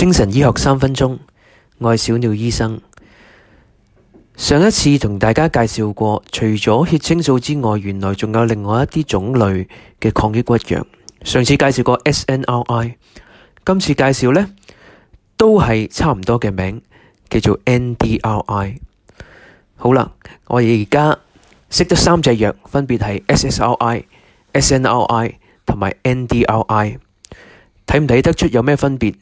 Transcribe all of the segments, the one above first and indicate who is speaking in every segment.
Speaker 1: 精神醫學三分鐘，我係小鳥醫生。上一次同大家介紹過，除咗血清素之外，原來仲有另外一啲種類嘅抗抑鬱藥。上次介紹過 SNRI，今次介紹呢都係差唔多嘅名，叫做 NDRI。好啦，我而家識得三隻藥，分別係 SSRI、SNRI 同埋 NDRI，睇唔睇得出有咩分別？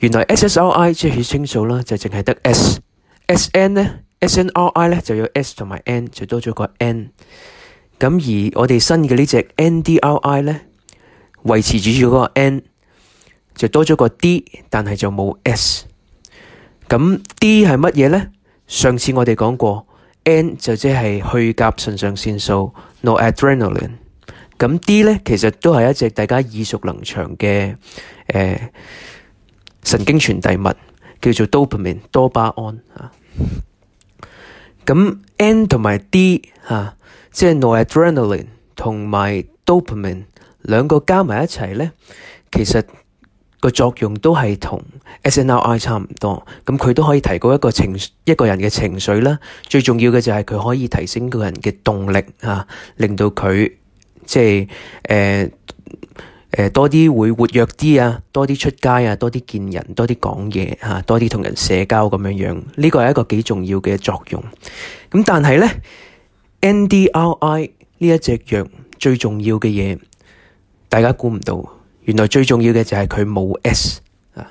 Speaker 1: 原來 S S R I 即係血清素啦，就淨係得 S S N 咧，S N R I 咧就有 S 同埋 N，就多咗個 N。咁而我哋新嘅呢隻 N D R I 咧，維持住住嗰個 N，就多咗個 D，但係就冇 S。咁 D 係乜嘢咧？上次我哋講過 N 就即係去甲腎上腺素 noradrenaline。咁 D 咧其實都係一隻大家耳熟能詳嘅誒。呃神經傳遞物叫做 dopamine 多巴胺啊，咁 n 同埋 d 啊，即係 noradrenaline 同埋 dopamine 兩個加埋一齊咧，其實個作用都係同 SNRI 差唔多，咁佢都可以提高一個情一個人嘅情緒啦。最重要嘅就係佢可以提升個人嘅動力啊，令到佢即係誒。呃誒，多啲會活躍啲啊，多啲出街啊，多啲見人，多啲講嘢吓，多啲同人社交咁樣樣。呢個係一個幾重要嘅作用。咁但係咧，NDRI 呢一隻藥最重要嘅嘢，大家估唔到，原來最重要嘅就係佢冇 S 啊。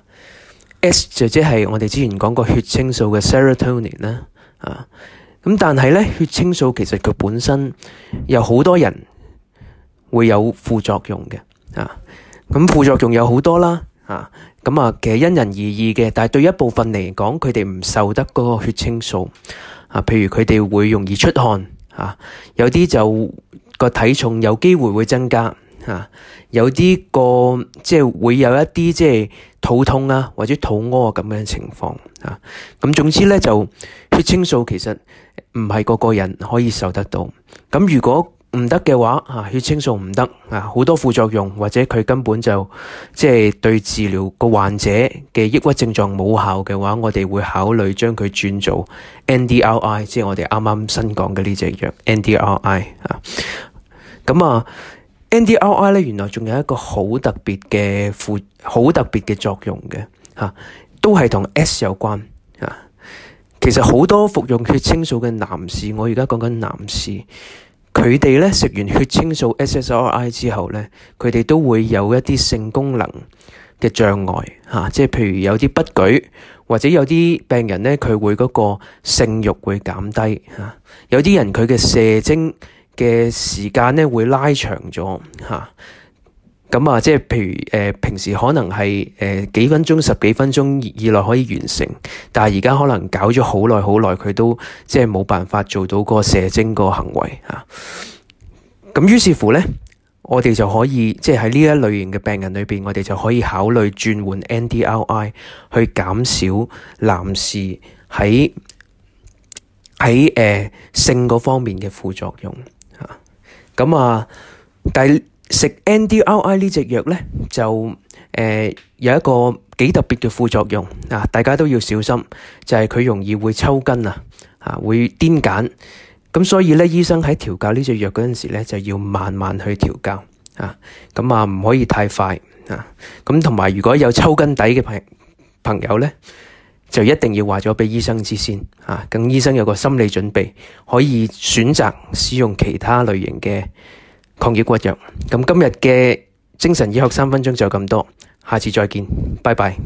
Speaker 1: S 就即係我哋之前講過血清素嘅 serotonin 啦啊。咁但係咧，血清素其實佢本身有好多人會有副作用嘅。啊，咁副作用有好多啦，咁啊，其實因人而異嘅，但係對一部分嚟講，佢哋唔受得嗰個血清素，啊，譬如佢哋會容易出汗，啊，有啲就個體重有機會會增加，有啲個即係會有一啲即係肚痛啊，或者肚屙咁樣嘅情況，啊，咁總之咧就血清素其實唔係個個人可以受得到，咁如果，唔得嘅話，吓，血清素唔得。啊，好多副作用，或者佢根本就即係對治療個患者嘅抑鬱症狀冇效嘅話，我哋會考慮將佢轉做 NDRI，即係我哋啱啱新講嘅呢隻藥 NDRI 啊。咁啊，NDRI 咧原來仲有一個好特別嘅副好特別嘅作用嘅吓，都係同 S 有關啊。其實好多服用血清素嘅男士，我而家講緊男士。佢哋咧食完血清素 SSRI 之後咧，佢哋都會有一啲性功能嘅障礙吓，即係譬如有啲不舉，或者有啲病人咧佢會嗰個性慾會減低吓，有啲人佢嘅射精嘅時間咧會拉長咗吓咁啊，即係譬如誒，平時可能係誒幾分鐘、十幾分鐘以內可以完成，但係而家可能搞咗好耐好耐，佢都即係冇辦法做到個射精個行為吓。咁於是乎咧，我哋就可以即係喺呢一類型嘅病人裏邊，我哋就可以考慮轉換 NDRI 去減少男士喺喺誒性嗰方面嘅副作用吓。咁啊，但。食 NDRI 呢隻藥呢，就誒、呃、有一個幾特別嘅副作用啊，大家都要小心，就係、是、佢容易會抽筋啊，吓會癲癇，咁所以呢，醫生喺調教呢隻藥嗰陣時呢，就要慢慢去調教啊，咁啊唔可以太快啊，咁同埋如果有抽筋底嘅朋朋友呢，就一定要話咗畀醫生知先啊，咁醫生有個心理準備，可以選擇使用其他類型嘅。抗抑鬱藥，咁今日嘅精神醫學三分鐘就咁多，下次再見，拜拜。